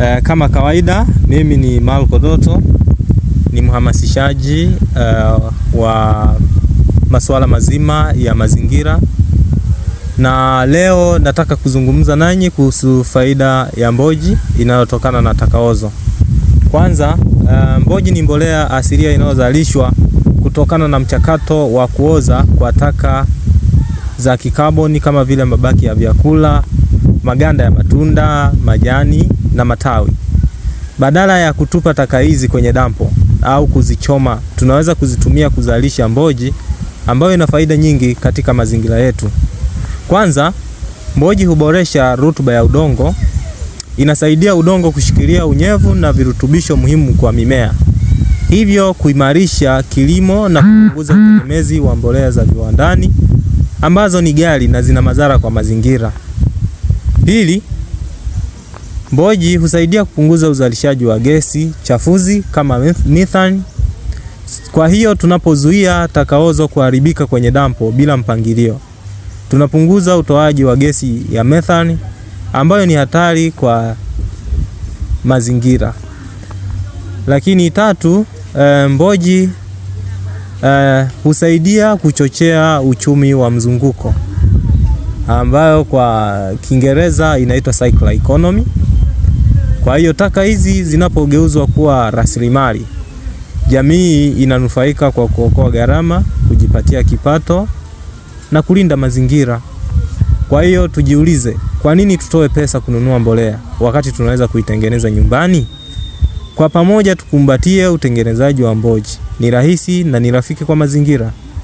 E, kama kawaida mimi ni Marco Doto, ni mhamasishaji uh, wa masuala mazima ya mazingira, na leo nataka kuzungumza nanyi kuhusu faida ya mboji inayotokana na takaozo. Kwanza uh, mboji ni mbolea asilia inayozalishwa kutokana na mchakato wa kuoza kwa taka za kikaboni kama vile mabaki ya vyakula, maganda ya matunda, majani na matawi. Badala ya kutupa taka hizi kwenye dampo au kuzichoma, tunaweza kuzitumia kuzalisha mboji ambayo ina faida nyingi katika mazingira yetu. Kwanza, mboji huboresha rutuba ya udongo. Inasaidia udongo kushikilia unyevu na virutubisho muhimu kwa mimea, hivyo kuimarisha kilimo na kupunguza utegemezi wa mbolea za viwandani ambazo ni ghali na zina madhara kwa mazingira. Pili, Mboji husaidia kupunguza uzalishaji wa gesi chafuzi kama methane. Kwa hiyo tunapozuia takaozo kuharibika kwenye dampo bila mpangilio, tunapunguza utoaji wa gesi ya methane ambayo ni hatari kwa mazingira. Lakini tatu, e, Mboji e, husaidia kuchochea uchumi wa mzunguko ambayo kwa Kiingereza inaitwa circular economy. Kwa hiyo taka hizi zinapogeuzwa kuwa rasilimali, jamii inanufaika kwa kuokoa gharama, kujipatia kipato na kulinda mazingira. Kwa hiyo tujiulize, kwa nini tutoe pesa kununua mbolea wakati tunaweza kuitengeneza nyumbani? Kwa pamoja tukumbatie utengenezaji wa mboji, ni rahisi na ni rafiki kwa mazingira.